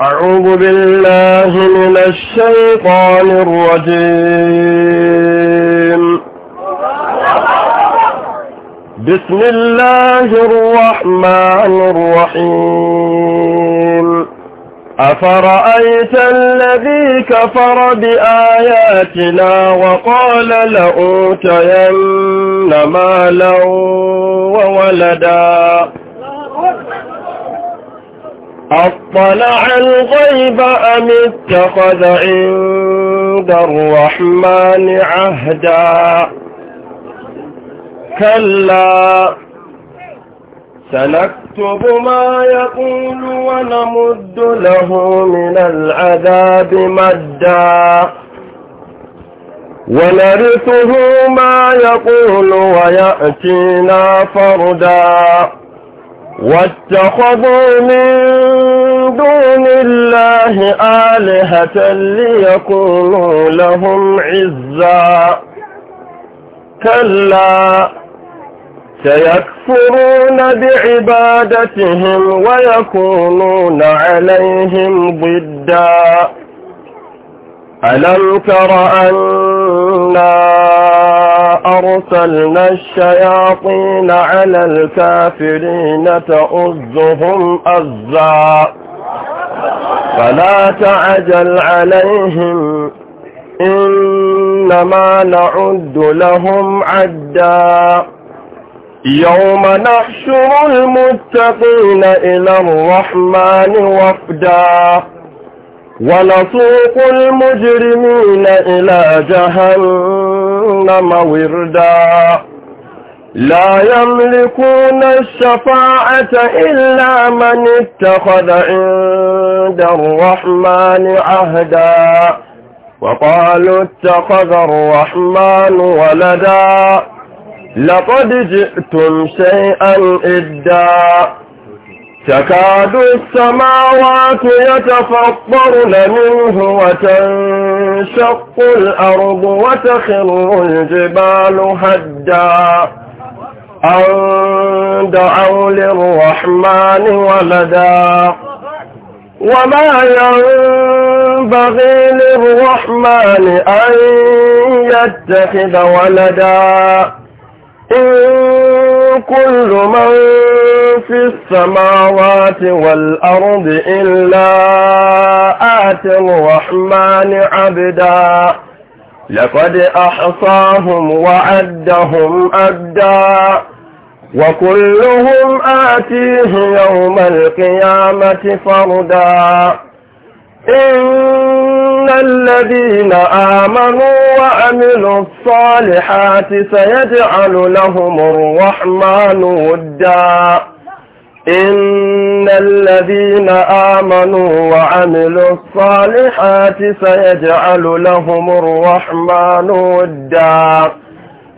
أعوذ بالله من الشيطان الرجيم بسم الله الرحمن الرحيم أفرأيت الذي كفر بآياتنا وقال لأوتين مالا وولدا أطلع الغيب أم اتخذ عند الرحمن عهدا كلا سنكتب ما يقول ونمد له من العذاب مدا ونرثه ما يقول ويأتينا فردا واتخذوا من دون الله آلهة ليكونوا لهم عزا كلا سيكفرون بعبادتهم ويكونون عليهم ضدا ألم تر أن إنا أرسلنا الشياطين على الكافرين تؤزهم أزا فلا تعجل عليهم إنما نعد لهم عدا يوم نحشر المتقين إلى الرحمن وفدا ونسوق المجرمين إلى جهنم وردا لا يملكون الشفاعة إلا من اتخذ عند الرحمن عهدا وقالوا اتخذ الرحمن ولدا لقد جئتم شيئا إدا تكاد السماوات يتفطرن منه وتنشق الأرض وتخر الجبال هدا أن دعوا للرحمن ولدا وما ينبغي للرحمن أن يتخذ ولدا إن كل من في السماوات والأرض إلا آت الرحمن عبدا لقد أحصاهم وعدهم أدا وكلهم آتيه يوم القيامة فردا إن الذين آمنوا وعملوا الصالحات سيجعل لهم الرحمن ودا إن الذين آمنوا وعملوا الصالحات سيجعل لهم الرحمن ودا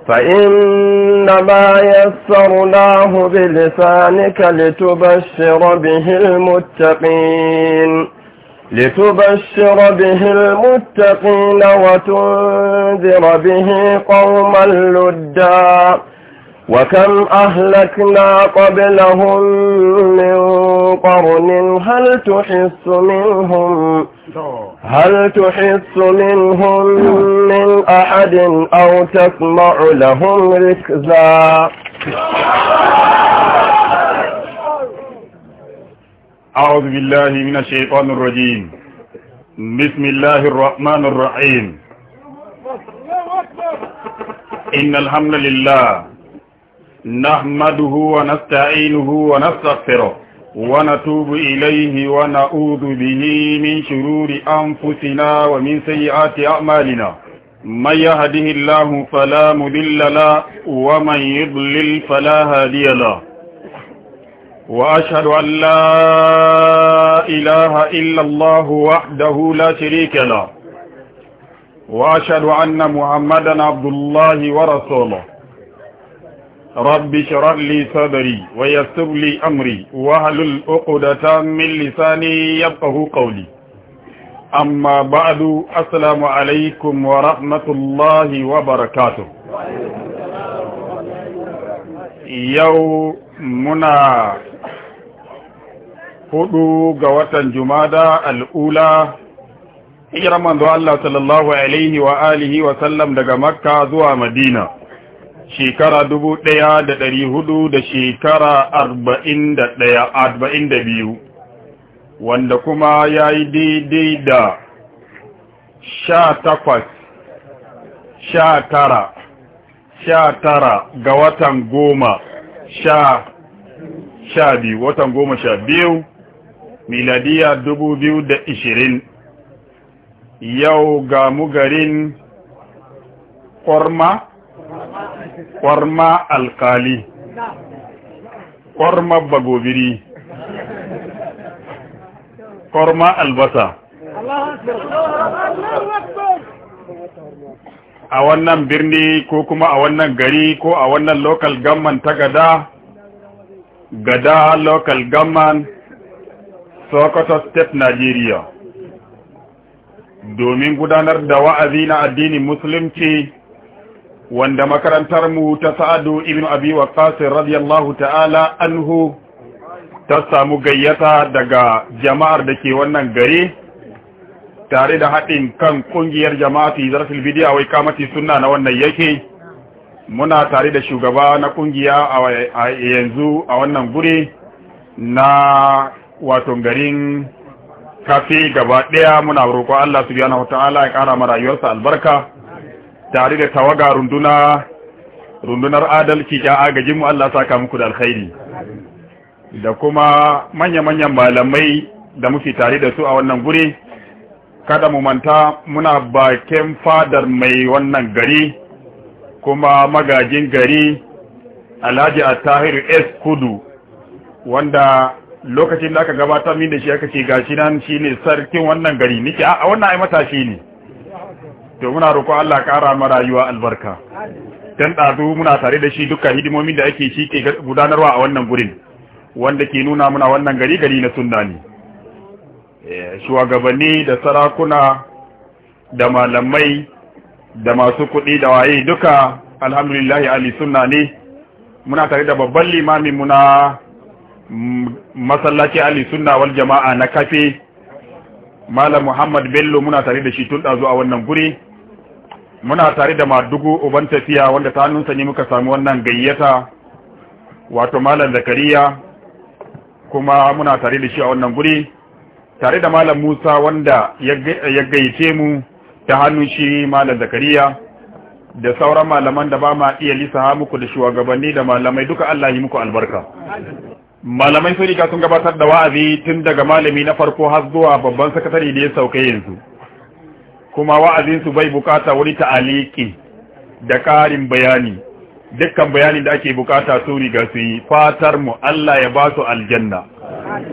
فإنما يسرناه بلسانك لتبشر به المتقين لتبشر به المتقين وتنذر به قوما لدا وكم أهلكنا قبلهم من قرن هل تحس منهم هل تحس منهم من أحد أو تسمع لهم ركزا أعوذ بالله من الشيطان الرجيم بسم الله الرحمن الرحيم إن الحمد لله نحمده ونستعينه ونستغفره ونتوب إليه ونعوذ به من شرور أنفسنا ومن سيئات أعمالنا من يهده الله فلا مذل له ومن يضلل فلا هادي له وأشهد أن لا إله إلا الله وحده لا شريك له وأشهد أن محمدا عبد الله ورسوله رب اشرح لي صدري ويسر لي أمري واحلل عقدة من لساني يبقه قولي أما بعد السلام عليكم ورحمة الله وبركاته يوم منا hudu ga watan jumada al'ula hijirar manzo Allah sallallahu alaihi wa alihi wa sallam daga makka zuwa madina shekara dubu ɗaya da ɗari hudu da shekara arba'in da ɗaya arba'in da biyu wanda kuma ya yi daidai da sha takwas sha tara sha tara ga watan goma sha sha biyu watan goma sha biyu miladiya dubu biyu da ishirin yau ga mu garin ƙorma ƙorma alkali ƙorma bagobiri ƙorma albasa a wannan birni ko kuma a wannan gari ko a wannan local government ta gada gada local government Sokoto State Nigeria domin gudanar da wa'azi na addinin musulunci wanda makarantar mu ta Sa'adu ibn Abi Waqqas radiyallahu ta'ala anhu ta samu gayyata daga jama'ar da ke wannan gari tare da haɗin kan ƙungiyar jama'ati zarfil bidiya wai kamati sunna na wannan yake muna tare da shugaba na ƙungiya a yanzu a wannan guri na wato garin kafe gaba ɗaya muna roƙo Allah subhanahu wataala ya ƙara mara rayuwarsa albarka tare da tawaga runduna rundunar adalci ya agajin mu Allah saka muku da alkhairi da kuma manya-manyan malamai da muke tare da su a wannan guri kada mu manta muna bakin fadar mai wannan gari kuma magajin gari Alhaji Attahiru S Kudu wanda lokacin da aka gabatar min da shi aka ce gashi nan shine sarkin wannan gari nake a wannan ai matashi ne to muna roƙo Allah ƙara mana rayuwa albarka dan dazu muna tare da shi dukkan hidimomin da ake shi ke gudanarwa a wannan gurin wanda ke nuna muna wannan gari gari na sunna ne eh, shugabanni da sarakuna da malamai da masu kuɗi da waye duka alhamdulillah ali sunna ne muna tare da babban limamin muna masallaci ali sunna wal jama'a na kafe malam muhammad bello muna tare da shi tun ɗazu a wannan guri muna tare da madugu uban tafiya wanda ta hannunsa ne muka sami wannan gayyata wato malam zakariya kuma muna tare da shi a wannan guri tare da malam musa wanda ya gayyace mu ta hannun shi malam zakariya da sauran malaman da ba ma iya lisa muku da shugabanni da malamai duka allah yi muku albarka malamai sun riga sun gabatar da wa'azi tun daga malami na farko har zuwa babban sakatare da ya sauka yanzu kuma wa'azinsu bai bukata wani ta'aliki da karin bayani dukkan bayanin da ake bukata su riga su yi fatar mu Allah ya ba su aljanna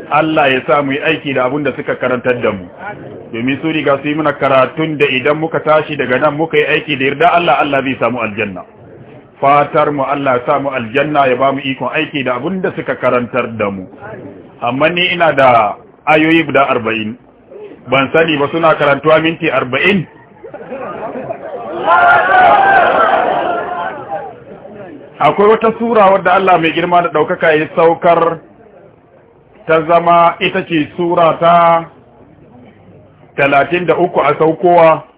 Allah ya sa mu yi aiki da abun da suka karantar da mu domin su riga su yi muna karatun da idan muka tashi daga nan muka yi aiki da yarda Allah Allah zai samu aljanna fatar mu Allah ya sa mu aljanna ya ba mu ikon aiki da abin da suka karantar da mu amma ni ina da ayoyi guda arba'in ban sani ba suna karantuwa minti arba'in akwai wata sura wadda Allah mai girma da ɗaukaka ya saukar ta zama ita ce sura ta talatin da uku a saukowa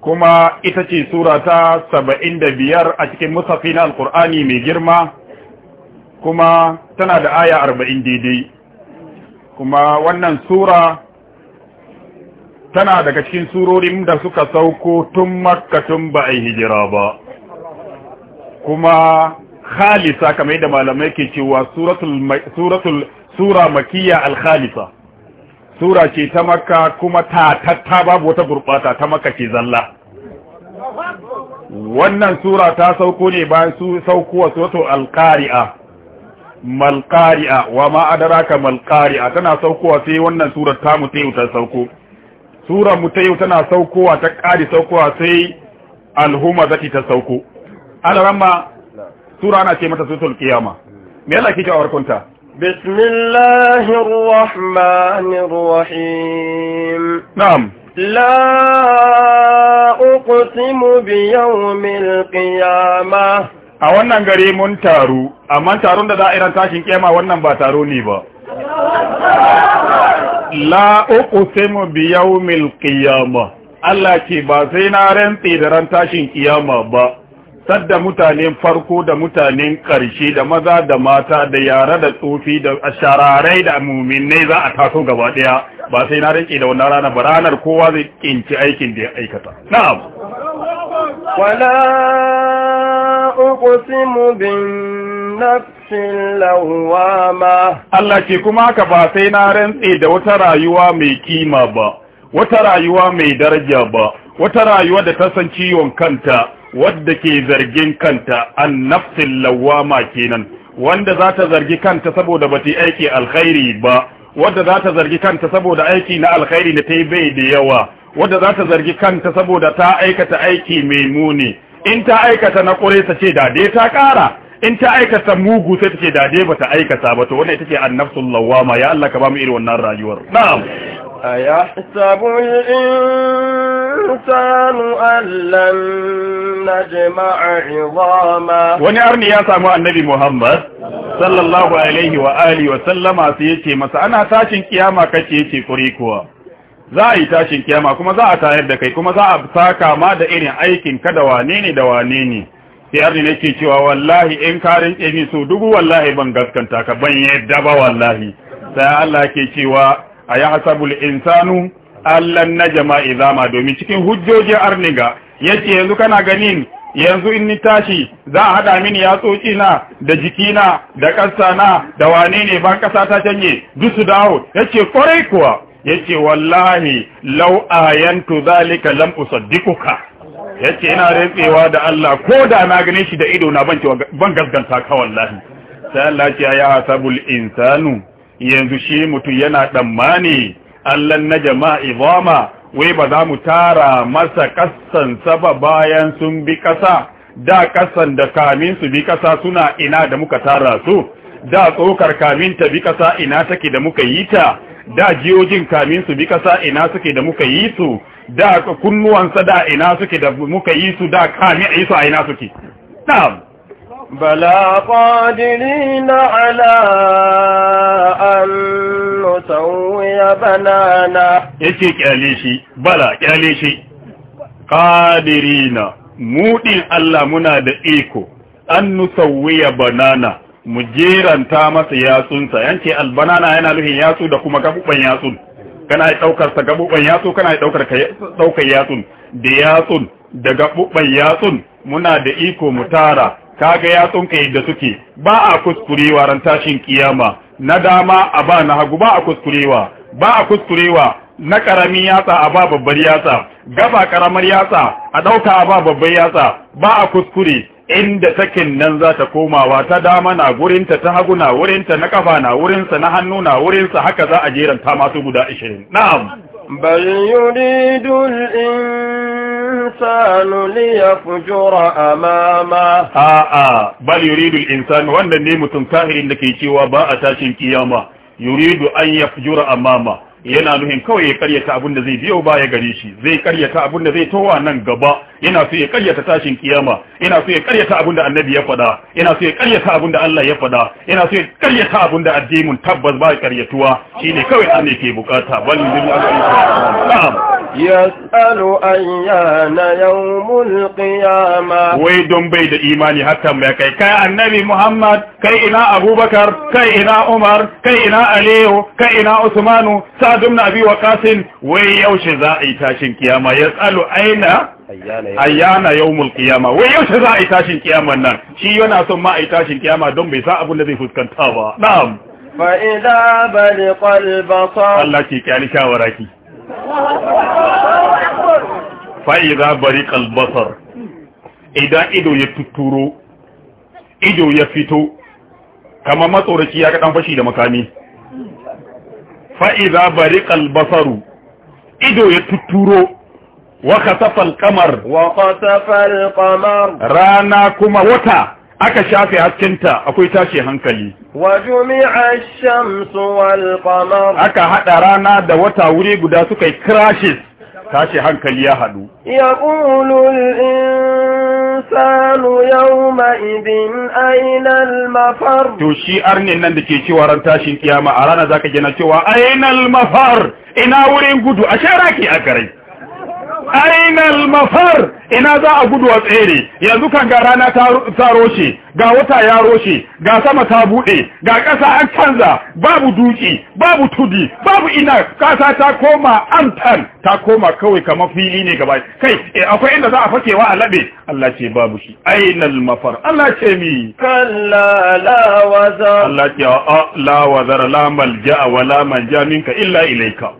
kuma ita ce surata saba'in da biyar a cikin musafi na alkur'ani mai girma kuma tana da aya arba'in daidai kuma wannan sura tana daga cikin surorin da suka sauko tun makkatun ba a hijira ba kuma khalisa kamar yadda malamai ke cewa suratul sura makiya al-khalisa sura ce ta maka kuma ta tatta babu wata gurbata ta maka ce zalla wannan sura ta sauko ne bayan su saukowa soto alqari'a malqari'a wa ma adraka malqari'a tana saukowa sai wannan sura ta mutayu ta sauko sura mutayu tana saukowa ta kari saukowa sai zati ta sauko alaramma sura ana ce mata suratul qiyama me Allah kike a warkunta بسم الله الرحمن الرحيم نعم لا أقسم بيوم القيامة a wannan gare mun taru amma taron da da'irar tashin kema wannan ba taro ne ba la uqsimu bi yawmil qiyamah Allah ce ba sai na rantsi da ran tashin kiyama ba sadda mutanen farko da mutanen ƙarshe da maza da mata da yara da tsofi da shararai da muminai za a taso gaba ɗaya ba sai na rike da wannan rana ba ranar kowa zai kinci aikin da ya aikata na'am wala uqsimu bin nafsin lawama Allah ke kuma haka ba sai na rantse da wata rayuwa mai kima ba wata rayuwa mai daraja ba wata rayuwa da ta san ciwon kanta wadda ke zargin kanta an nafsin lawama kenan wanda za ta zargi kanta saboda ba ta aiki alkhairi ba wadda za ta zargi kanta saboda aiki na alkhairi da ta yi bai da yawa wadda za ta zargi kanta saboda ta aikata aiki mai muni in ta aikata na kure ta ce dade ta kara in ta aikata mugu sai ta ce dade ba ta aikata ba to wannan ita ce annafsul lawama ya Allah ka ba mu irin wannan rayuwar na'am أيحسب الإنسان أن لن نجمع عظاما وني أرني يا سامو النبي محمد صلى الله عليه وآله وسلم سيتي مسا أنا تاشن كياما كتيتي كوريكوا za a yi tashin kiyama kuma za a tayar da kai kuma za a saka ma da irin aikin ka da wane ne da wane ne sai arni nake cewa wallahi in ka karin ni so dubu wallahi ban gaskanta ka ban yadda ba wallahi sai Allah ke cewa a ya hasabul insanu allan jama'a izama domin cikin hujjojin arniga yace yanzu kana ganin yanzu in ni tashi za a haɗa mini yatsoci na da jikina da ƙasa na da wane ne ban ƙasa ta canye duk su dawo yace kwarai kuwa yace wallahi law ayantu zalika lam usaddiquka yace ina rantsewa da Allah ko da na gane shi da ido na ban ban gaskanta ka wallahi sai Allah ya ya hasabul insanu yanzu shi mutum yana ɗammani allan na jama'i zama wai ba za mu tara masa ƙasansa ba bayan sun bi ƙasa da ƙasan da kamin su bi ƙasa suna ina da muka tara su da tsokar kamin ta bi ƙasa ina take da muka yi ta da jiyojin kamin su bi ƙasa ina suke da muka yi su da kunnuwansa da ina suke da muka yi su da kamin a yi su a ina suke na'am بلى قادرين على أن نسوي بنانا يتي كاليشي بلى كاليشي قادرين muɗin Allah muna da iko an nusawwiya banana mu jeranta masa yatsunsa yanke albanana yana nufin yatsu da kuma gabuban yatsun kana yi ɗaukar sa gabuban yatsu kana yi ɗaukar yatsun da yatsun da gabuban yatsun muna da iko mu tara kaga ya tsunkaye da suke ba a kuskurewa ran tashin kiyama na dama a ba na hagu ba a kuskurewa ba a kuskurewa na karamin yatsa a ba babbar yatsa gaba karamar yatsa a dauka a ba babbar yatsa ba a kuskure inda sakin nan za ta komawa ta dama na gurinta ta hagu na wurinta na kafa na wurinsa na hannu na wurinsa haka za a jeranta masu guda 20 na'am bal yuridul الإنسان ليفجر أماما آآ بل يريد الإنسان وأن النيم تنكاهر إنك يتوى باء تاشن كياما يريد أن يفجر أماما yana nuhin kawai ya karyata abin da zai biyo baya gare shi zai karyata abin da zai towa nan gaba yana so ya karyata tashin kiyama yana so ya karyata abin da annabi ya faɗa yana so ya karyata abin da Allah ya faɗa yana so ya karyata abin da addinin tabbas ba karyatuwa shine kawai an ne ke bukata bal lillahi yas'alu ayyana yawmul qiyama wai don bai da imani hakan mai kai kai annabi muhammad kai ina abubakar kai ina umar kai ina aliyu kai ina usmanu sa'd ibn abi waqas wai yaushe za a yi tashin kiyama yas'alu aina ayyana yawmul qiyama wai yaushe za a yi tashin kiyama nan shi yana son ma a yi tashin kiyama don bai sa abun da zai fuskanta ba na'am fa idza baliqal basar Allah ki kyali shawaraki fa'iza bari kalbasar idan ido ya tuturo ido ya fito kama matsoraci ya kaɗan fashi da makami fa'iza bari kalbasaru ido ya tuturo wa kasafal kamar wa kamar rana kuma wata aka shafe haskinta akwai tashi hankali wa jumi'a shamsu wal qamar aka haɗa rana da wata wuri guda suka yi crashes tashi hankali ya haɗu yaqulul insanu yawma idin aina mafar to shi arnin nan da ke cewa ran tashin kiyama a rana zaka gina cewa aina al-mafar ina wurin gudu a sharaki a gare. aina mafar ina za a gudu a tsere yanzu kan ga rana ta roshe ga wata ya roshe ga sama ta bude ga ƙasa an canza babu duki babu tudi babu ina ƙasa ta koma amtan ta koma kawai kama fili ne gaba kai e akwai inda za a fakewa a labe Allah ce babu shi ainal mafar Allah ce mi kalla wazar Allah ce a la wazar la ja illa ilaika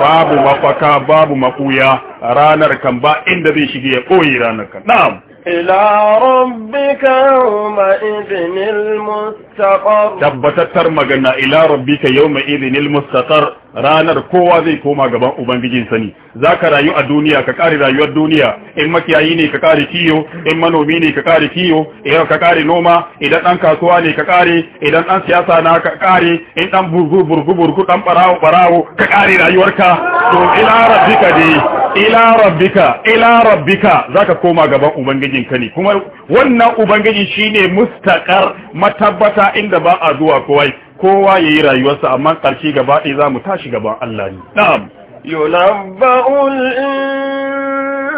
babu mafaka babu makuya ranar kan ba inda zai shige ya koyi ranar kan na'am إلى ربك يومئذ المستقر تبتتر مغنى إلى ربك يومئذ المستقر ranar kowa zai koma gaban ubangijinsa ne za ka rayu a duniya ka kare rayuwar duniya in makiyayi ne ka kare kiyo in manomi ne ka kare kiyo idan ka kare noma idan dan kasuwa ne ka kare idan dan siyasa na ka kare in dan burgu burgu burgu dan barawo barawo ka kare rayuwarka to ila rabbika dai ila rabbika ila rabbika zaka koma gaban ubangijin ka ne kuma wannan ubangiji shine mustaqar matabbata inda ba a zuwa kowai kowa yayi rayuwarsa amma karshe gaba ɗaya zamu tashi gaban Allah ne na'am yulabbaul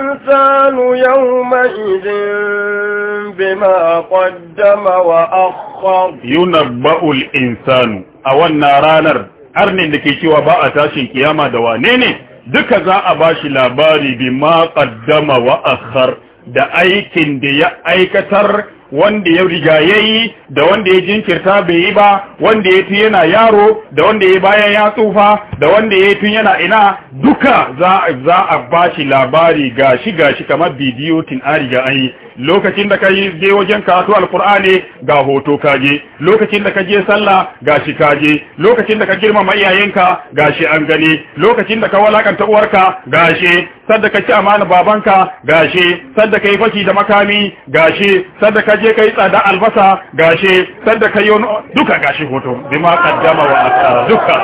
insanu yawma idin bima qaddama wa akhkhar yunabba'ul insanu a wannan ranar arnin da ke cewa ba a tashin kiyama da wane ne duka za a bashi labari bi ma qaddama wa akhar da aikin da ya aikatar wanda ya riga yayi da wanda ya jinkirta bai yi ba wanda ya tun yana yaro da wanda ya bayan ya tsufa da wanda ya tun yana ina duka za za a bashi labari gashi gashi kamar bidiyo tin a riga an yi lokacin da kai je wajen karatu alkur'ani ga hoto ka je. lokacin da ka je sallah gashi je. lokacin da ka girmama iyayenka gashi an gani lokacin da ka walakanta uwarka gashi sadda ka ci amana babanka gashi sadda ka yi fashi da makami gashi sadda ka ka je kai tsada albasa gashi sanda kai wani duka gashi hoto bima kaddama wa akara duka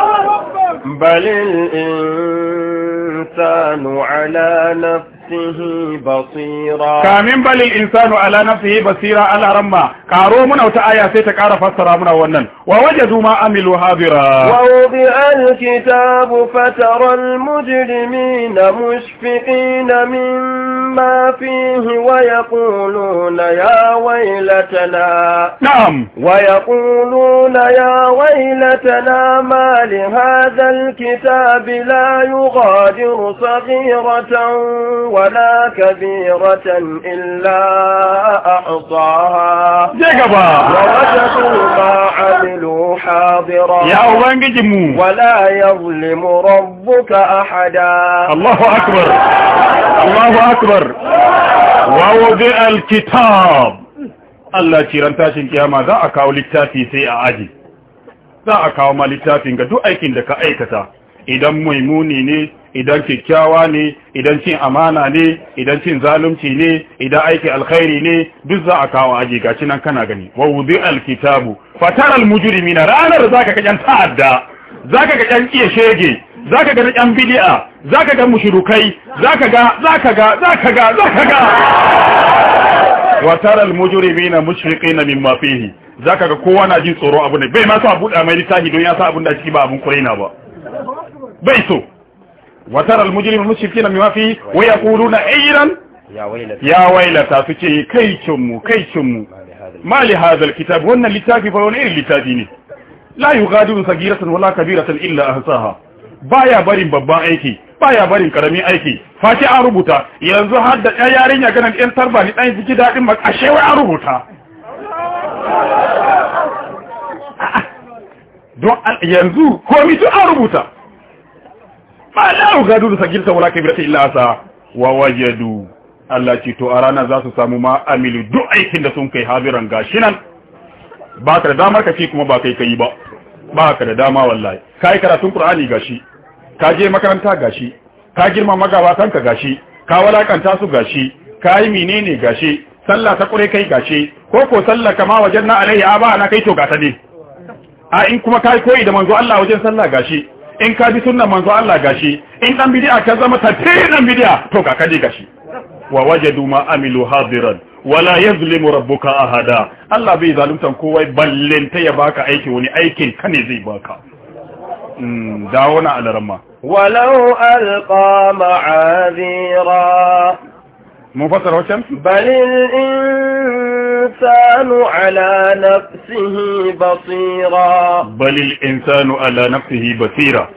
balil insanu ala nafsi نفسه بصيرا كامن بل الإنسان على نفسه بصيرا على رمى كارو من أو تآيا سيتك عرف السرامنا ونن ووجدوا ما عملوا هابرا ووضع الكتاب فترى المجرمين مشفقين مما فيه ويقولون يا ويلتنا نعم ويقولون يا ويلتنا ما لهذا الكتاب لا يغادر صغيرة ولا ولا كبيرة إلا أعطاها ووجدوا ما عملوا حاضرا يا ولا يظلم ربك أحدا الله أكبر الله أكبر ووضع الكتاب Allah ciran tashin kiyama za a kawo littafi sai a aji za a kawo ma littafin ga duk aikin da ka aikata idan maimuni ne idan kyakkyawa ne idan cin amana ne idan cin zalunci ne idan aiki alkhairi ne duk za a kawo aji gashi nan kana gani wa wudi alkitabu fatar almujrimina ranar zaka ga yan ta'adda zaka ga yan kiye shege zaka ga yan bid'a zaka ga mushrikai zaka ga zaka ga zaka ga zaka ga wa tara almujrimina mushriqina mimma fihi zaka ga kowa na jin tsoro abu ne bai ma sa buɗa mai littafi don ya sa abun da ciki ba abun kurena ba bai so وترى المجرم المشركين مما فيه ويقولون عيرا يا ويلتا تشي كي تشمو كي تشمو ما لهذا الكتاب وانا لتاكي فلون اير لتاديني لا يغادر صغيرة ولا كبيرة الا اهساها بايا بارين بابا ايكي بايا بارين كرمي ايكي فاتي اربوتا يلنزو حد ايارين يغنى ان تربا نتاين تجي داكن مك اشيو اربوتا يلنزو كومي تو ma la ugadu da ta wala kabirata illa ilasa wa wajadu Allah ce to a ranar za su samu ma duk aikin da sun kai habiran gashi nan ba ka da damar ka kuma ba kai kai ba ba ka da dama wallahi ka yi karatun qur'ani gashi ka je makaranta gashi ka girma magabatan ka gashi ka walakanta su gashi ka yi menene gashi sallah ta kure kai gashi ko ko sallah kama wajen na alaihi aba na kai to gata ne a in kuma ka kai koyi da manzo Allah wajen sallah gashi in ka bi sunna manzo Allah gashi in dan bid'a ka zama tafi dan bid'a to ka kaje gashi wa wajadu ma amilu hadiran wala yazlimu rabbuka ahada Allah bai zaluntan kowa ballenta ya baka aiki wani aikin ka ne zai baka mm dawo na alaramma walau alqa ma'azira mun fasara wacan balil insanu ala nafsihi basira balil insanu ala nafsihi basira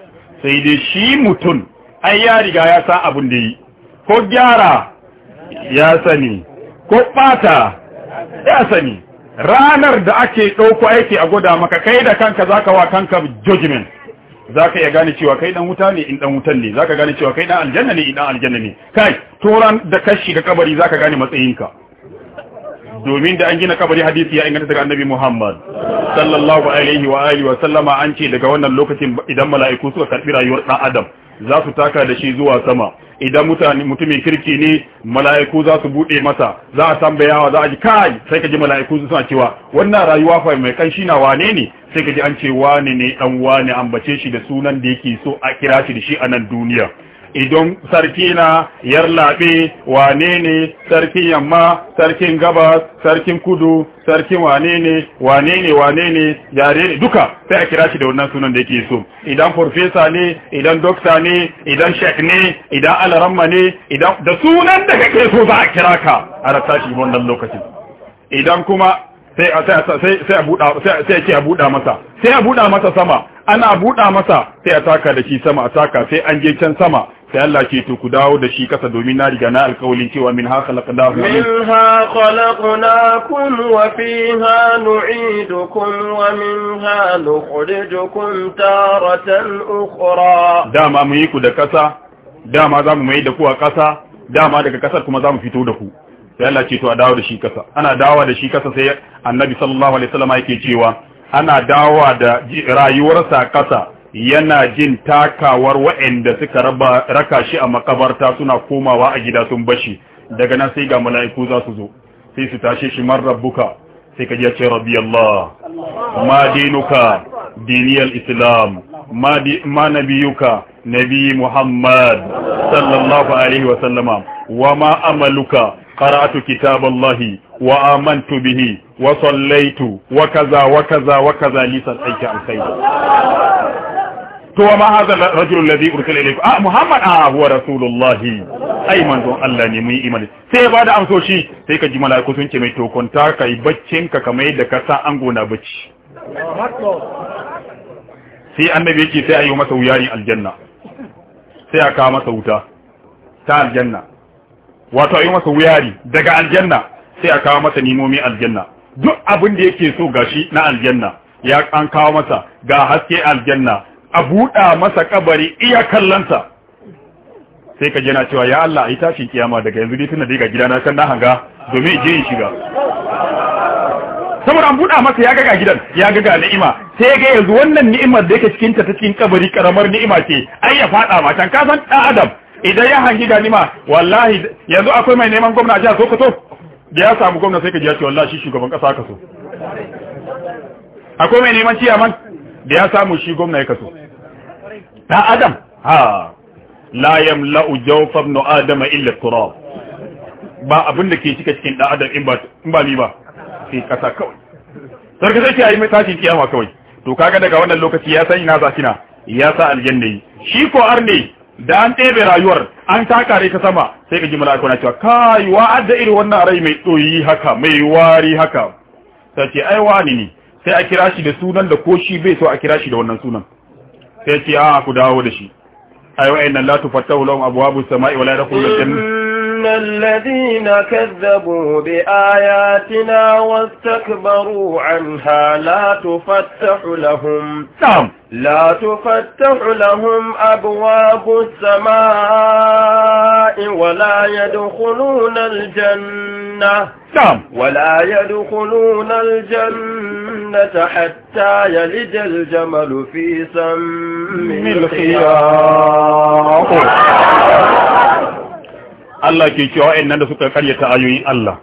sai dai shi mutum ai ya riga ya san abin da yi ko gyara ya sani ko bata ya sani ranar da ake ɗauko aiki a gwada maka kai da kanka zaka wa kanka judgment zaka ka iya gane cewa kai dan wuta ne in dan wutan ne za gane cewa kai dan aljanna ne in aljanna ne kai toran da kashi ga kabari zaka ka gane matsayinka domin da an gina kabari hadisi ya inganta daga annabi Muhammad sallallahu alaihi wa alihi wa sallama an ce daga wannan lokacin idan mala'iku suka karbi rayuwar dan adam za su taka da shi zuwa sama idan mutane mutumin kirki ne mala'iku za su bude masa za a tambayawa za a ji kai sai ka ji mala'iku suna cewa wannan rayuwa fa mai kanshi na wane ne sai ka ji an ce wane ne dan wane ambace shi da sunan da yake so a kira shi da shi a nan duniya idan sarki na yarlaɓe wane ne sarkin yamma sarkin gabas sarkin kudu sarkin wane ne wane ne wane ne yare ne duka sai a kira shi da wannan sunan da yake so idan farfesa ne idan dokta ne idan shek ne idan alaramma ne idan da sunan da kake so za a kira ka a rasa shi wannan lokacin idan kuma sai a ce a buɗa masa sai a buɗa masa sama ana buɗa masa sai a taka da shi sama a taka sai an je can sama sai Allah ce to ku dawo da shi kasa domin na riga na alƙawalin cewa min ha khalaqnakum min ha khalaqnakum wa fiha nu'idukum wa min minha nukhrijukum taratan ukhra dama mu yi ku da kasa dama zamu mai da ku a kasa dama daga kasar kuma zamu fito da ku sai Allah ce to a dawo da shi kasa ana dawo da shi kasa sai annabi sallallahu alaihi wasallam yake cewa ana dawo da rayuwarsa kasa yana jin takawar waɗanda suka raba raka shi a makabarta suna komawa a gida sun bashi daga nan sai ga mala'iku za su zo sai su tashe shi man rabbuka sai ka ce rabbi Allah ma dinuka diniyal islam ma ma nabiyuka nabi muhammad sallallahu alaihi wa sallama wa ma amaluka qara'tu kitaballahi wa amantu bihi wa sallaitu wa kaza wa kaza wa kaza lisan aiki alkhair to wa ma hadha ar-rajul alladhi ursila ilaykum ah muhammad ah huwa rasulullah ai manzon Allah ne mun imani sai ya bada amsoshi sai ka ji malaiku sun ce mai to kwanta kai baccin ka kamar yadda ka sa ango na bacci sai annabi yake sai ayi masa wuyari aljanna sai aka masa wuta ta aljanna wato ayi masa wuyari daga aljanna sai aka kawo masa nimomi aljanna duk abin da yake so gashi na aljanna ya an kawo masa ga haske aljanna a buɗa masa kabari iya kallonsa sai ka jina cewa ya Allah ai tashin kiyama daga yanzu dai tunda dai ga gidana kan na hanga domin je yi shiga saboda an buɗa masa ya ga ga gidan ya ga ga ni'ima sai ga yanzu wannan ni'imar da yake cikin ta cikin kabari karamar ni'ima ce ai ya fada ma can ka san dan adam idan ya hangi da ni'ima wallahi yanzu akwai mai neman gwamnati a jihar Sokoto da ya samu gwamnati sai ka ji ya ce wallahi shi shugaban kasa ka so akwai mai neman ciyaman da ya samu shi gwamnati ka so da adam ha la yamla'u jawfa ibn adam illa turab ba abin da ke cika cikin da adam in ba in ba ni ba sai kasa kawai sarki sai ya mai tashin kiyama kawai to kaga daga wannan lokaci ya san ina za kina ya sa aljanna shi ko arne da an ɗebe rayuwar an takare ta sama sai ka ji mala'iku na cewa kai wa da irin wannan rai mai tsoyi haka mai wari haka sai ce ai wani ne sai a kira shi da sunan da ko shi bai so a kira shi da wannan sunan sai ce a ku dawo da shi ai wa'annan la tufattahu lahum abwabus sama'i wala jannah الذين كذبوا بآياتنا واستكبروا عنها لا تفتح لهم نعم لا تفتح لهم أبواب السماء ولا يدخلون الجنة نعم ولا يدخلون الجنة حتى يلج الجمل في سم الخياط الله كي تشو ان ند سوك كاريه تايوي الله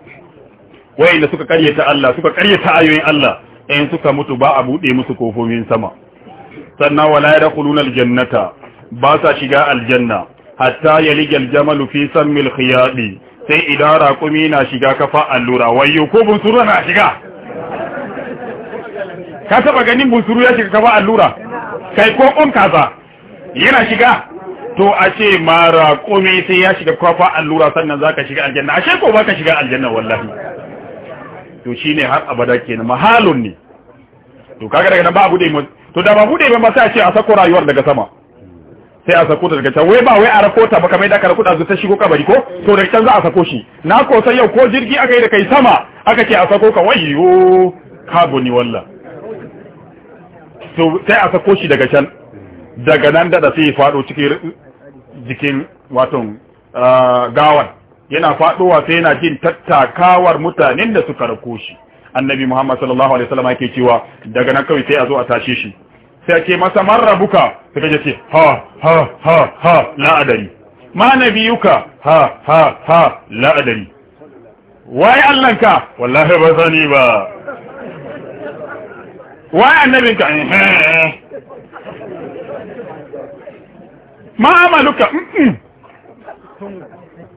وين ند سوك كاريه الله سوك كاريه تايوي الله ان سوك متو با ابو دي مسو كوفو من سما سنا ولا يدخلون الجنه با سا شيغا الجنه حتى يلج الجمل في سم الخياط sai idara kumi na shiga kafa allura wayo ko bun suruna shiga ka taba ganin bunsuru ya shiga kaba allura kai ko on kaza yana shiga to a ce mara komai sai ya shiga kafa allura sannan zaka shiga aljanna ashe ko baka shiga aljanna wallahi to shine har abada kenan mahalun ne to kaga daga nan ba bude mu to da ba bude ba sai a ce a sako rayuwar daga sama sai a sako ta daga can wai ba wai a rako ta ba kamar da ka rako ta shigo kabari ko to daga can za a sako shi na ko sai yau ko jirgi aka yi da kai sama aka ce a sako ka wayo kago ni wallahi to sai a sako shi daga can daga nan da sai ya faɗo cikin jikin waton gawan yana faɗowa sai yana jin tattakawar mutanen da suka rako shi annabi muhammad sallallahu alaihi wasallam yake cewa daga nan kawai sai a zo a tashe shi sai ake masa marrabuka sai kaje ce ha ha ha ha la adari ma nabiyuka ha ha ha la adari wai allanka wallahi ba sani ba wa annabin ka ma amaluka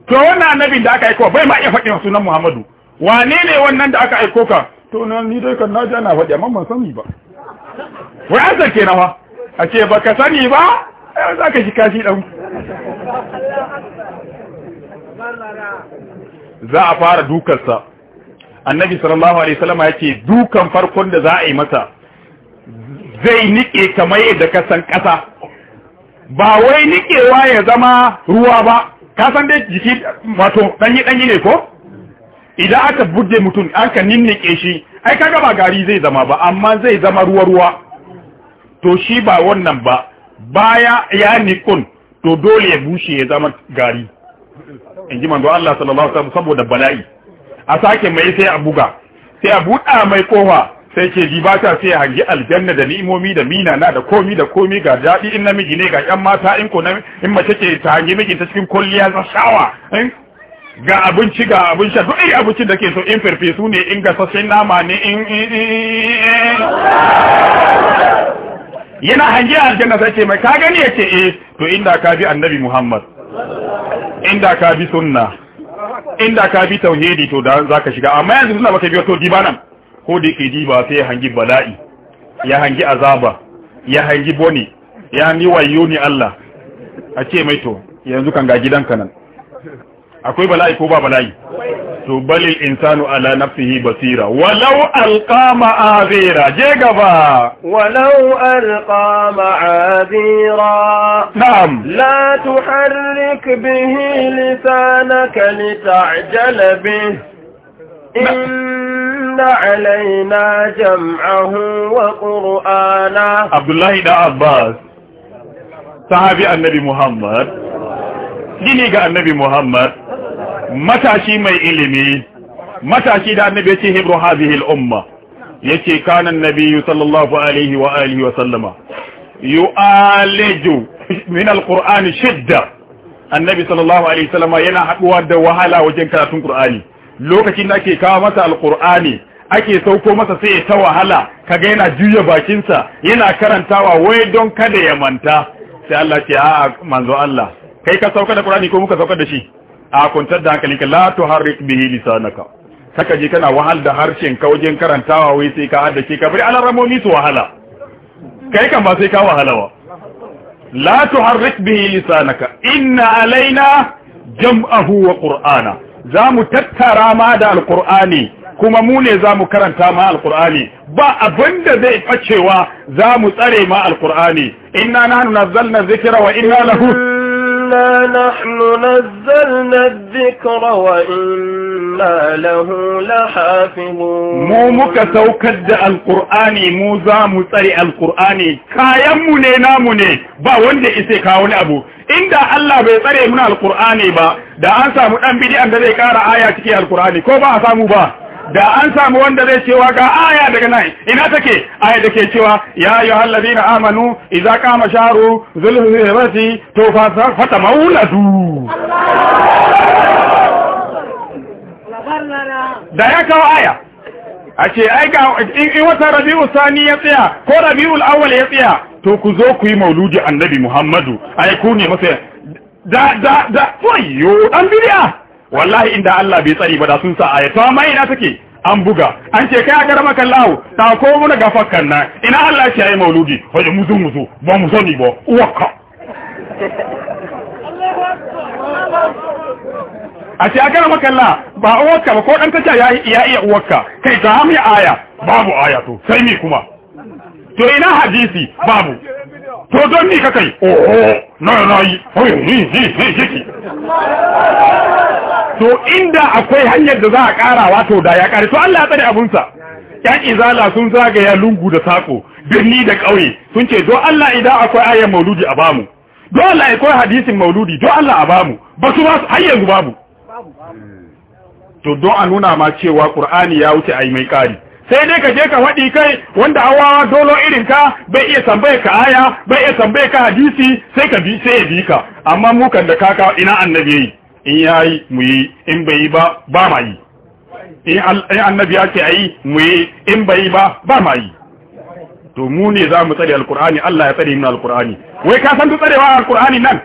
to wannan annabin da aka aiko bai ma iya faɗin sunan Muhammadu wane ne wannan da aka aiko ka to na ni dai kan naji ana faɗi amma ban sani ba wai azar na fa a ce ba ka sani ba za ka shi kashi dan za a fara dukarsa. annabi sallallahu alaihi wasallam yake dukan farkon da za a yi masa zai nike kamar yadda ka san ƙasa ba wai nikewa ya zama ruwa ba ka san dai jiki wato ɗanyi-ɗanyi ne ko idan aka budde mutum an ka ninnike shi ai ka gaba gari zai zama ba amma zai zama ruwa ruwa to shi ba wannan ba baya ya nikun to dole ya bushe ya zama gari in ji mando Allah sallallahu alaihi saboda bala'i a sake mai sai a buga sai a buɗa mai kowa. sai ke ji ba ta sai hangi aljanna da ni'imomi da mina na da komi da komi ga daɗi in namiji ne ga ƴan mata in ko in mace ce ta hangi miji ta cikin kulliya za shawa eh? ga abinci ga abin sha duk abincin da ke so in su ne in gasasshen nama ne in yana hangi aljanna sai ce mai ka gani ce eh to inda ka bi annabi Muhammad inda ka bi sunna inda ka bi tauhidi to da za ka shiga amma yanzu suna baka biyo to dibanan ko da yake ba sai ya hangi bala'i ya hangi azaba ya hangi boni ya ni wayo ni Allah a ce mai to yanzu kan ga gidanka nan akwai bala'i ko ba bala'i to bali insanu ala nafsihi basira walau alqa ma'azira je gaba walau alqa ma'azira na'am la tuharrik bihi lisanaka litajala bihi إن علينا جمعه وقرآنه عبد الله بن عباس صحابي النبي محمد ديني النبي محمد matashi mai ilimi matashi da annabi yace hibru hadhihi al-umma yace kana an sallallahu alaihi wa alihi wa sallama yu'aliju min al-qur'ani shidda annabi sallallahu alaihi wa sallama yana haɗuwa da wahala wajen karatun qur'ani lokacin da ake kawo masa alkur'ani ake sauko masa sai ya ta wahala kaga yana juya bakinsa yana karantawa wai don kada ya manta sai Allah ce a'a manzo Allah kai ka sauka da Qur'ani ko muka sauka da shi a kuntar da ka la tuharrik bihi lisanaka saka je kana wahal da harshen ka wajen karantawa wai sai ka haddace ka bari ni su wahala kai kan ba sai ka wahala wa. la tuharrik bihi lisanaka inna alaina jam'ahu wa qur'ana za mu tattara ma da alkur'ani kuma mu ne za mu karanta ma alkur'ani ba abin da zai facewa za mu tsare ma alkur'ani inna nanu nazzalna zikra wa inna lahu إنا نحن نزلنا الذكر وإنا له لحافظون مو مك سوكد القرآن مو زام تري القرآن كايم مني نامني با وند إسي كاون أبو inda Allah bai tsare muna alkur'ani ba da an samu dan bid'an da zai kara aya cikin alkur'ani ko ba a samu ba da an samu wanda zai cewa ga aya daga nan ina take aya da cewa ya ayu allazina amanu idza qama sharu zulhijjati to fa fata mauladu da ya kawo aya a ce ai ga in wata rabi'u sani ya tsaya ko Rabi'u awwal ya tsaya to ku zo ku yi mauludi annabi muhammadu ai ku ne masa da da da wayo dan biya? wallahi inda Allah bai tsari ba da sun sa aya to amma ina take an buga an ce kai agar maka lahu ta ko mun ga fakkan nan ina Allah ya yi mauludi wajen muzu ba mu ni ba uwaka a ce agar maka Allah ba uwaka ba ko dan tace ya iya iya uwaka kai ga mu aya babu aya to sai me kuma to ina hadisi babu to don ni ka kai oho na na yi to inda akwai hanyar da za a ƙara wato da ya kare to Allah ya tsare abunsa ƴan izala sun zaga ya lungu da sako birni da ƙauye sun ce don Allah idan akwai ayar mauludi a bamu do Allah akwai hadisin mauludi don Allah a bamu ba su ba su har yanzu babu to don a nuna ma cewa qur'ani ya wuce a yi mai ƙari sai dai ka je ka faɗi kai wanda hawa dolo irin ka bai iya tambaye ka aya bai iya tambaye ka hadisi sai ka bi sai ya bi ka amma mu kan da kaka ina annabi yayi in yayi mu yi in bai yi ba ba ma yi in annabi ya ce ayi mu yi in bai yi ba ba ma yi to mu ne za mu tsare alkur'ani Allah ya tsare mu alkur'ani wai ka san tsarewa alkur'ani nan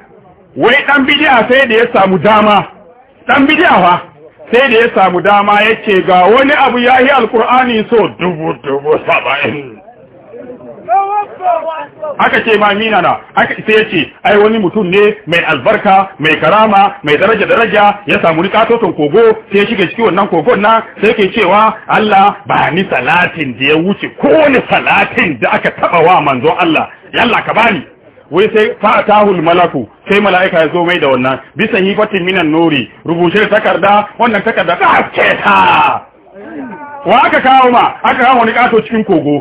wai dan bid'a sai da ya samu dama dan bid'a fa sai da ya samu dama ya ce ga wani abu ya yi alkur'ani so dubu dubu saba'in aka ce ma mina na aka sai ya ce ai wani mutum ne mai albarka mai karama mai daraja daraja ya samu rikatoton kogo sai ya shiga ciki wannan kogon na sai ke cewa Allah ba ni salatin da ya wuce ko ni salatin da aka taba wa manzon Allah yalla ka bani wai sai fatahul malaku sai mala'ika ya zo mai da wannan bisa hifatin minan nuri rubuce da takarda wannan takarda ta ah, haske ta wa aka kawo ma aka kawo wani kato cikin kogo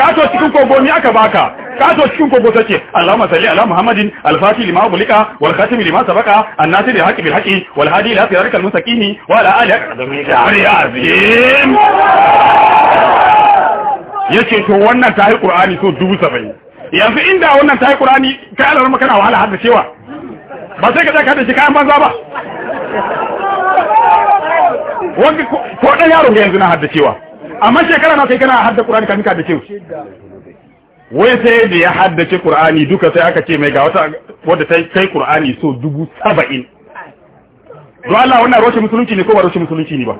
kato cikin kogo ni aka baka kato cikin kogo take Allahumma salli ala Muhammadin al-fati lima bulika wal khatim lima sabaqa an-nasi bil haqqi bil haqqi wal hadi ila siratal mustaqim wa ala alihi azim yace to wannan tahi qur'ani so 70 yanzu inda wannan ta yi ƙurani kai alar makana wahala har da cewa ba sai ka zaka da shi kayan banza ba wanda ko ɗan yaro ga yanzu na har da cewa amma shekara na kai kana har da ƙurani kamika ka da cewa wai sai da ya haddace ƙur'ani duka sai aka ce mai ga wata wadda ta kai ƙur'ani so dubu saba'in don Allah wannan roshe musulunci ne ko ba roshe musulunci ne ba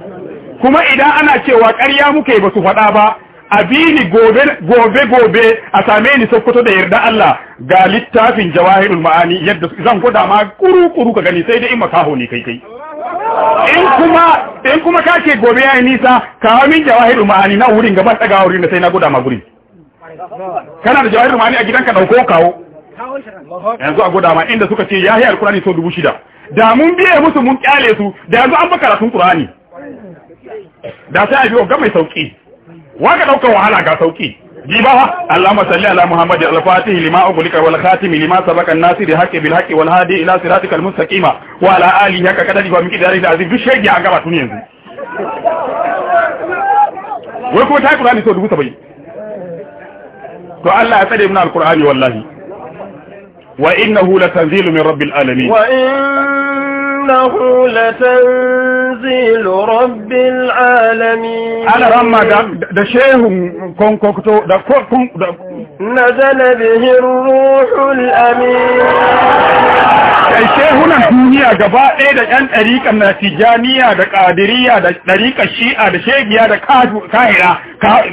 kuma idan ana cewa ƙarya muka yi ba su faɗa ba abini gobe gobe gobe a same ni sokoto da yarda Allah ga littafin jawahirul ma'ani yadda zan koda ma kuru kuru ka gani sai dai in makaho ne kai kai in kuma in kuma kake gobe yayi nisa kawo min jawahirul ma'ani na wurin gaban daga wurin da sai na gwada ma guri kana da jawahirul ma'ani a gidanka dauko kawo yanzu a goda ma inda suka ce yahi alqur'ani so dubu shida da mun biye musu mun kyale su da yanzu an ba karatun qur'ani da sai a biyo ga mai sauki waka dauka wahala ga sauki allahumma salli ala muhammad al-fatih جيبها اللهم صل على محمد الفاتح لما أغلق والخاتم لما سبق الناس بالحق بالحق والهادي إلى صراطك المستقيم وعلى آله حق قدر ومنك ذلك azim bi shege an gaba tuni yanzu wai kuma ta Qur'ani so dubu sabai to Allah ya tsare mu al-Qur'ani wallahi wa innahu latanzilu min rabbil alamin wa in إِنَّهُ لَتَنْزِيلُ رَبِّ الْعَالَمِينَ أنا رمى نزل به الروح الأمين الشيخ الدنيا جباء ايه ان اريك النتيجانية ده قادرية ده اريك الشيئة ده شيخ يا ده كاجو كايرا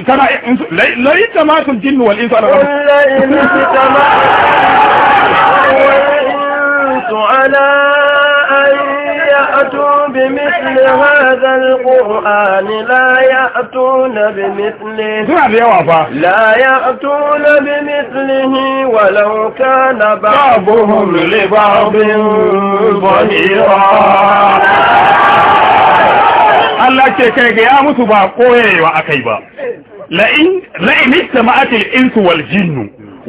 كما لا يتماس الجن والإنس على رمى قل إن تتماس على يأتوا بمثل هذا القرآن لا يأتون بمثله لا يأتون بمثله ولو كان بعضهم لبعض ظهيرا Allah ce kai ga ya mutu ba koyewa akai ba la'in la'in istama'atil insu wal jinnu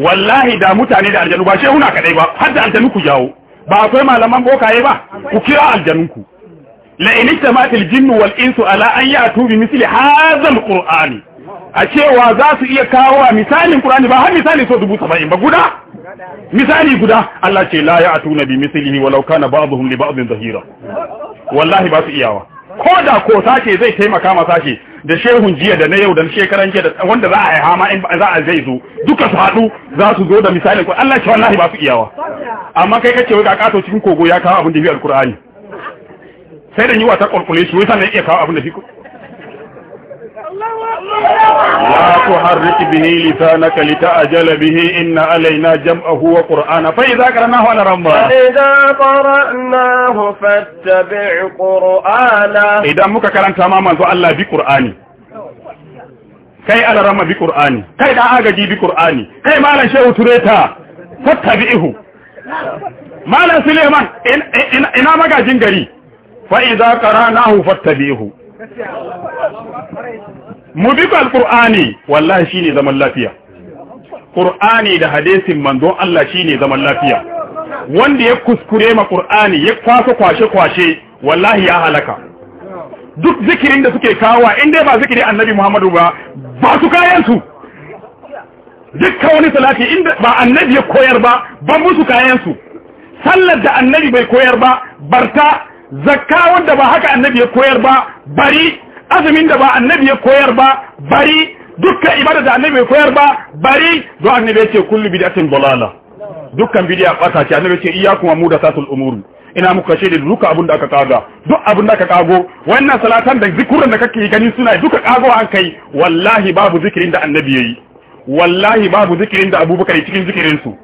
wallahi da mutane da aljanu ba shehuna kadai ba har da aljanu ku jawo ba akwai malaman bokaye ba ku kira aljanunku la in istamatil jinnu wal insu ala an yatu bi misli hadha al qur'ani a cewa za su iya kawo wa misalin qur'ani ba har misali so dubu 70 ba guda misali guda Allah ce la ya'tuna bi mislihi walau kana ba'dhum li ba'dhin zahira wallahi ba su iyawa ko da ko sake zai taimaka ma sake da shehun jiya da na yau da shekaran jiya da wanda za a yi hama in za a zai zo duka su haɗu za su zo da misali ko Allah ce wallahi ba su iyawa amma kai kace wai ga kato cikin kogo ya kawo abin da fi alkur'ani sai da yi wa ta kalkulation wai sannan iya kawo abin da fi لا تحرك به لسانك لتأجل به إن علينا جمعه وقرآن فإذا قرأناه على رمضان فإذا قرأناه فاتبع قرآنه إذا مكا كلام تماما فألا بقرآني kai alarama bi qur'ani kai dan agaji bi qur'ani kai malam shehu tureta fattabi'uhu malam suleiman ina magajin gari fa idza qara'nahu fattabi'uhu mu bi Alƙur'ani wallahi shine zaman lafiya qur'ani da hadisin manzon Allah shine zaman lafiya wanda ya kuskure ma ƙur'ani ya kwaso kwashe kwashe wallahi ya halaka duk zikirin da suke kawa inda ba zikirin annabi Muhammadu ba ba su kayan su dukkan wani salati inda ba annabi ya koyar ba ban musu kayan su sallar da annabi bai koyar ba barta zakka wanda ba haka annabi ya koyar ba bari azumin da ba annabi ya koyar ba bari dukkan ibada da annabi ya koyar ba bari don annabi ya ce kullu bid'atin dalala dukkan bid'a bata ce annabi ya ce iyyakum da mudasatul umuri ina muka ce da duka abin da aka kaga duk abin da aka kago wannan salatan da zikurin da kake gani suna duka kago an kai wallahi babu zikirin da annabi yayi wallahi babu zikirin da abubakar cikin zikirin su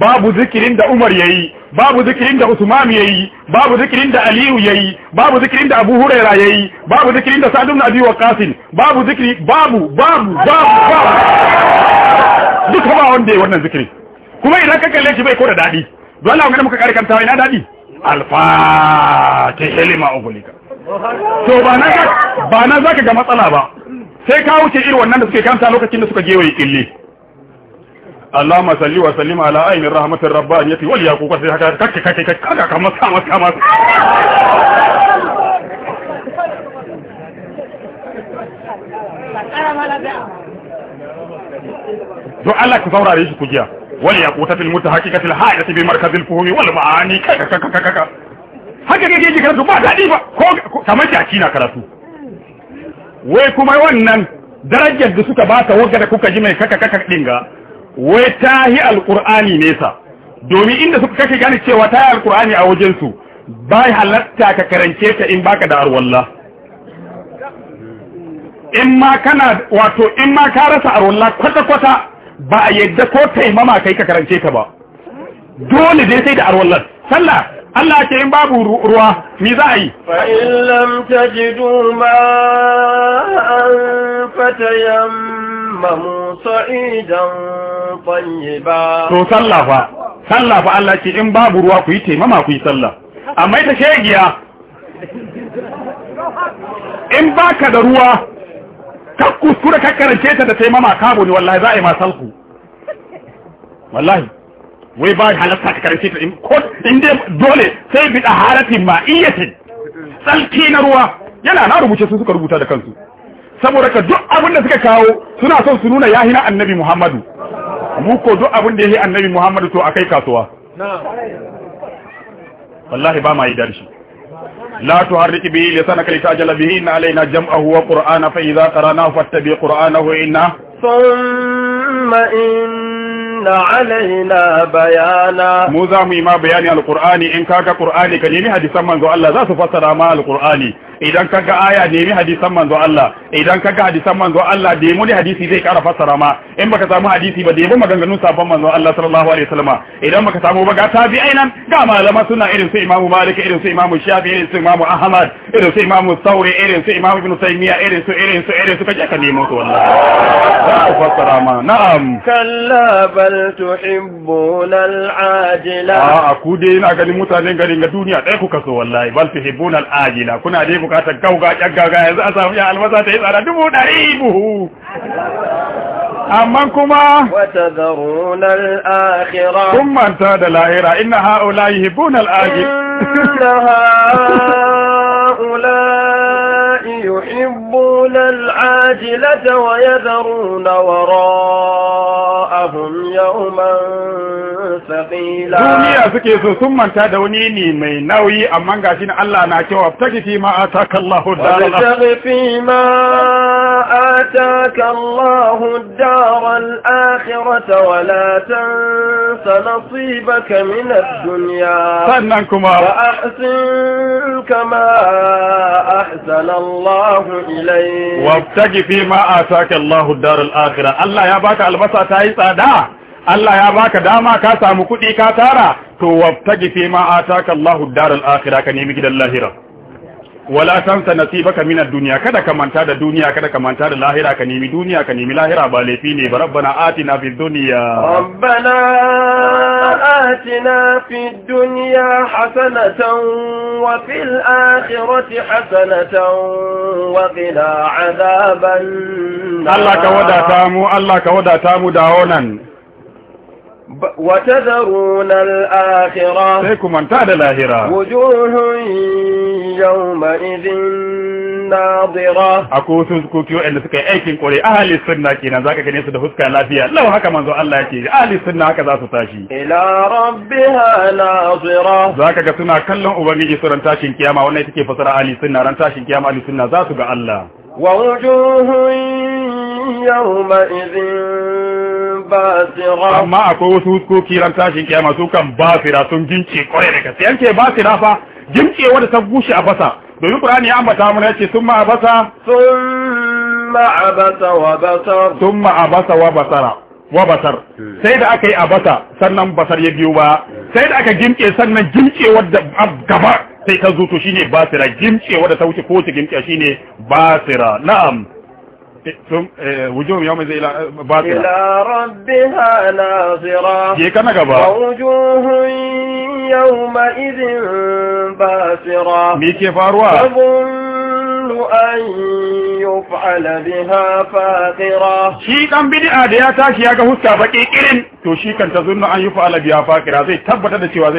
babu zikirin da Umar yayi babu zikirin da Usman yayi babu zikirin da Aliyu yayi babu zikirin da Abu Hurairah yayi babu zikirin da Sa'd ibn Abi Waqqas babu zikiri babu babu babu duk kuma ba wanda yayi wannan zikiri kuma idan ka kalle shi bai ko da dadi don Allah ga muka kare kanta ina dadi alfa ta helima ugulika to ba na ba na zaka ga matsala ba sai ka wuce irin wannan da suke kanta lokacin da suka je waye kille اللهم صل وسلم على عين الرحمة الربانية والياقوت في حكا كك كك كك كك كما كما كما دو الله كفورا ريش كجيا والياقوت في المتحققة الحاجة بمركز الفهم والمعاني كك كك كك كك haka kake ji karatu ba daɗi ba ko kamar jaki na karatu wai kuma wannan darajar da suka ba ta wagga da kuka ji mai kaka kaka dinga wai ta yi alƙur'ani nesa domin inda suka kake gani cewa ta yi alƙur'ani a wajensu ba halatta ka karance ta in baka da arwalla in ma kana wato in ma ka rasa arwalla kwata-kwata ba a yadda ko taimama kai ka karance ta ba dole dai sai da arwallar sallah Allah ce in babu ruwa mi za a yi fa'in an fata ma'an mamu sa'idan tayyiba to sallah fa sallah fa Allah ce in babu ruwa ku yi taimama ku yi sallah amma ita giya in baka da ruwa kakkuskura kakkarance ta da taimama kabo ne wallahi za a yi masalku wallahi wai ba halatta ka karanci ta in ko in dai dole sai bi da haratin ma iyatin tsalki na ruwa yana na rubuce su suka rubuta da kansu saboda ka duk abin da suka kawo suna son su nuna yahi na annabi Muhammadu mu ko duk abin da yahi annabi Muhammadu to akai kasuwa wallahi ba ma yi darshi لا تحرك به لسانك لتعجل به إن علينا جمعه وقرآن فإذا قرأناه فاتبع قرآنه إنا ثم inna inna alaina bayana mu za yi ma bayani alkur'ani in kaga qur'ani ka nemi hadisan manzo Allah za su fassara ma alqur'ani idan kaga aya nemi hadisan manzo Allah idan kaga hadisan manzo Allah da mu ne hadisi zai kara fassara ma in baka samu hadisi ba da yabo maganganun sabon manzo Allah sallallahu alaihi wasallam idan baka samu ba ga tabi'ai nan ga malama suna irin su Imam Malik irin su Imam Shafi'i irin su Imam Ahmad irin su Imam Thawri irin su Imam Ibn Taymiyyah irin su irin su irin su ka nemo su wallahi za ku fassara ma na'am kalla bal tuhibbuna al-ajila a ku dai ina ganin mutanen garin ga duniya dai ku kaso wallahi bal tuhibbuna al-ajila kuna dai bukatar gauga kyaggaga yanzu a samu ya albasa ta yi tsada dubu ɗari buhu amma kuma wata zarunar akira kun manta da lahira ina ha'ula yi hibbun ina ha'ula يحبون العاجلة ويذرون وراءهم يوما ثقيلا دنيا سكي ثم انت دونيني مي نوي اما انغاشين الله نا كيو ابتغي فيما اتاك الله الدار الاخره فيما اتاك الله الدار الاخرة ولا تنس نصيبك من الدنيا سننكما واحسن كما احسن الله الله إليه وابتغ فيما آتاك الله الدار الآخرة الله يا باك البسا تايسا دا الله يا باك داما كاسا مكودي كاتارا تو وابتغ فيما آتاك الله الدار الآخرة كنيمك دالله رب wala tansa nasibaka min ad-dunya kada ka manta da duniya kada ka manta da lahira ka nemi duniya ka nemi lahira ba laifi ne ba rabbana atina fid dunya rabbana atina fid dunya hasanatan wa fil akhirati hasanatan wa qina adhaban Allah ka wadata mu Allah ka wadata mu da wannan وتذرون الآخرة فيكم أنت على الآخرة وجوه يومئذ ناظرة أكو سوزكو كيو إن سكي أيكين قولي أهل السنة كينا ذاك كنيس دهوسكا لا فيها لو هكا منذ الله كي أهل السنة هكذا ستاشي إلى ربها ناظرة ذاك كسنا كلهم أبنجي سوران تاشين كياما ونأتكي فسر أهل السنة ران تاشين كياما أهل السنة ذاتو بأ الله ووجوه يومئذ amma akwai wasu hukoki ran tashin kiyama su kan basira sun jince kwarai da gaske yanke basira fa jince wanda ta bushe a basa domin kur'ani ya ambata mana ce sun ma a basa wa basar a basa wa basara wa basar sai da aka yi a basa sannan basar ya biyu ba sai da aka jince sannan jince wadda gaba sai ta zuto shine basira jince wadda ta wuce ko ta gimce shine basira na'am wujuhum yawma zai ila batila ila rabbiha nazira je kana gaba wujuhun yawma idin basira me ke faruwa an yuf'ala biha faqira shi ɗan bid'a da ya tashi ya ga huska baƙi kirin to shi kan tazunnu an yuf'ala biha faqira zai tabbatar da cewa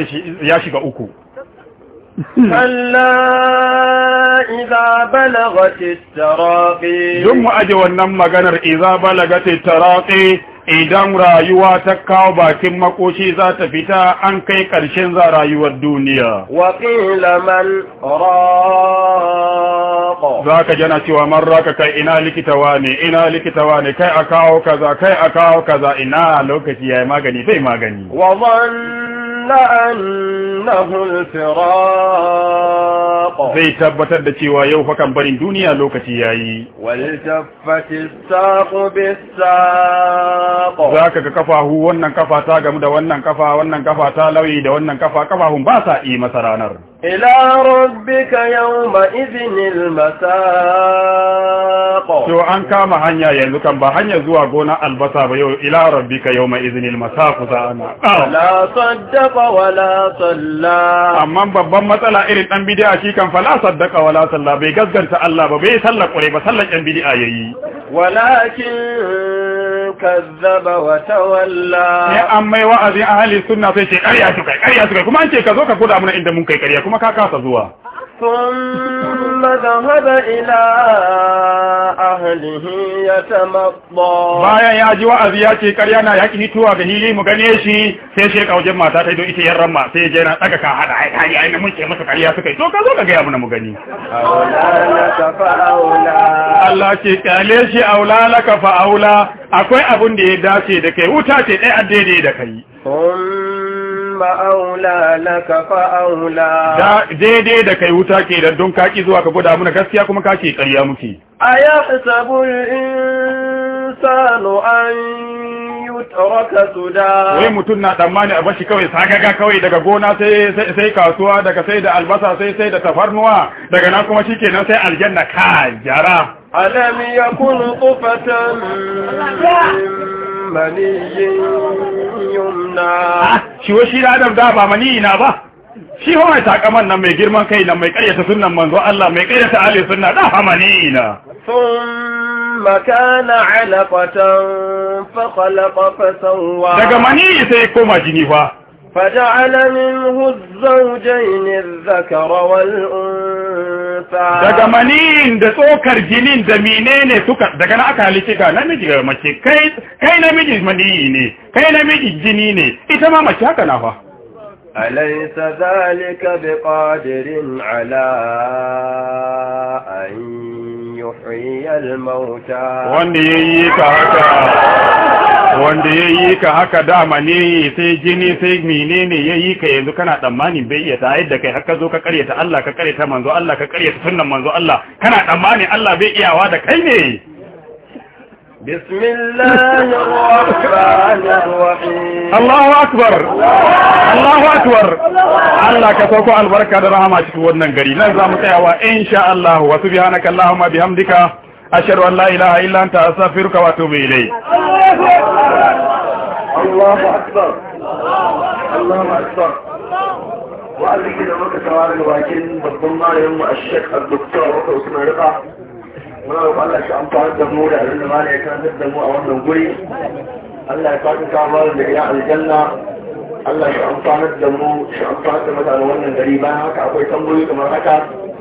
ya shiga uku كلا إذا بلغت التراقي جمع أجوان نم مغنر إذا بلغت التراقي إذا رأيوا تكاو باكم مكوشي ذات فتا أنكي كرشن ذا رأيوا الدنيا وقيل من راق ذاك جناتي ومن راك كي إنا لك تواني إنا لك تواني كي أكاو كذا كي أكاو كذا إنا لك تيه ما غني في ما غني وظن annahu al zai tabbatar da cewa yau fa kan barin duniya lokaci yayi wal taffati saq bis saq zaka ga kafahu wannan kafa gamu da wannan kafa wannan kafa lauyi da wannan kafa kafahun ba sa yi masa ranar إلى ربك يومئذ المساق to an kama hanya yanzu kan ba hanyar zuwa gona albasa ba yau ila rabbika yawma idhin almasaq sa'ana ah. la saddaqa wala salla amma babban matsala irin dan bid'a shi kan fala saddaqa wala salla bai gaskanta Allah ba bai sallar kure ba sallar yan bid'a yayi walakin kazzaba wa tawalla ne an mai wa'azi ahli suna sai ce ƙarya su kai ƙarya su kai kuma an ce ka zo ka koda mana inda mun kai karya kuma ka kasa zuwa ثم ذهب إلى أهله يتمطى بايا يا جوا karya كريانا يكي توا بهيلي مغنيشي sai shi kawo jin mata ta ido ita yan ramma sai je na tsaka ka hada ai ai ai mun ce masa kariya suka yi to ka zo ka ga mu na mu gani Allah ce kale shi aula laka fa aula akwai abun da ya dace da kai wuta ce a addede da kayi. ma aula laka fa aula da daidai da kai wuta ke da don kaki zuwa ka goda muna gaskiya kuma kake ƙarya muke aya hisabul insanu an yutraka suda wai mutun na tsammani a bashi kawai saka ga kawai daga gona sai sai kasuwa daga sai da albasa sai sai da tafarnuwa daga nan kuma shikenan sai aljanna ka jara alam yakun qufatan maniyin yumna ah, shi wa shi adam da ba mani na ba shi ho mai takaman nan mai girman kai nan mai karyata sunan manzo Allah mai karyata ahli sunna da ba mani na thumma kana alaqatan fa khalaqa fasawwa daga mani sai koma jini fa faja'ala minhu az-zawjayn adh-dhakara wal-unsa daga maniyin da tsokar jinin da menene suka daga na aka halice ka namiji ga mace kai kai namiji maniyi ne kai namiji jini ne ita ma mace haka na fa alaysa zalika biqadirin ala an yuhyi mauta wanda yayi ka haka wanda yayi ka haka dama ne sai jini sai menene yayi ka yanzu kana tsammanin bai iya tayar da kai haka zo ka karyata Allah ka karyata manzo Allah ka karyata sunnan manzo Allah kana tsammanin Allah bai iyawa da kai ne بسم الله الرحمن الرحيم الله أكبر الله أكبر الله كتوك البركة الرحمة شكونا قريب نظام تعوى إن شاء الله وسبحانك اللهم بحمدك أشهد أن لا إله إلا أنت أستغفرك وأتوب إليك الله أكبر الله أكبر وعليك لما كتوارك باكين بالضمان يوم الشيخ الدكتور وكوسنا رقع muna roƙon Allah shi amfani da mu da abin da malai ya karantar da mu a wannan guri Allah ya faɗi kamar da ya aljanna Allah shi amfani da mu shi amfani da mutanen wannan gari bayan haka akwai tambayoyi kamar haka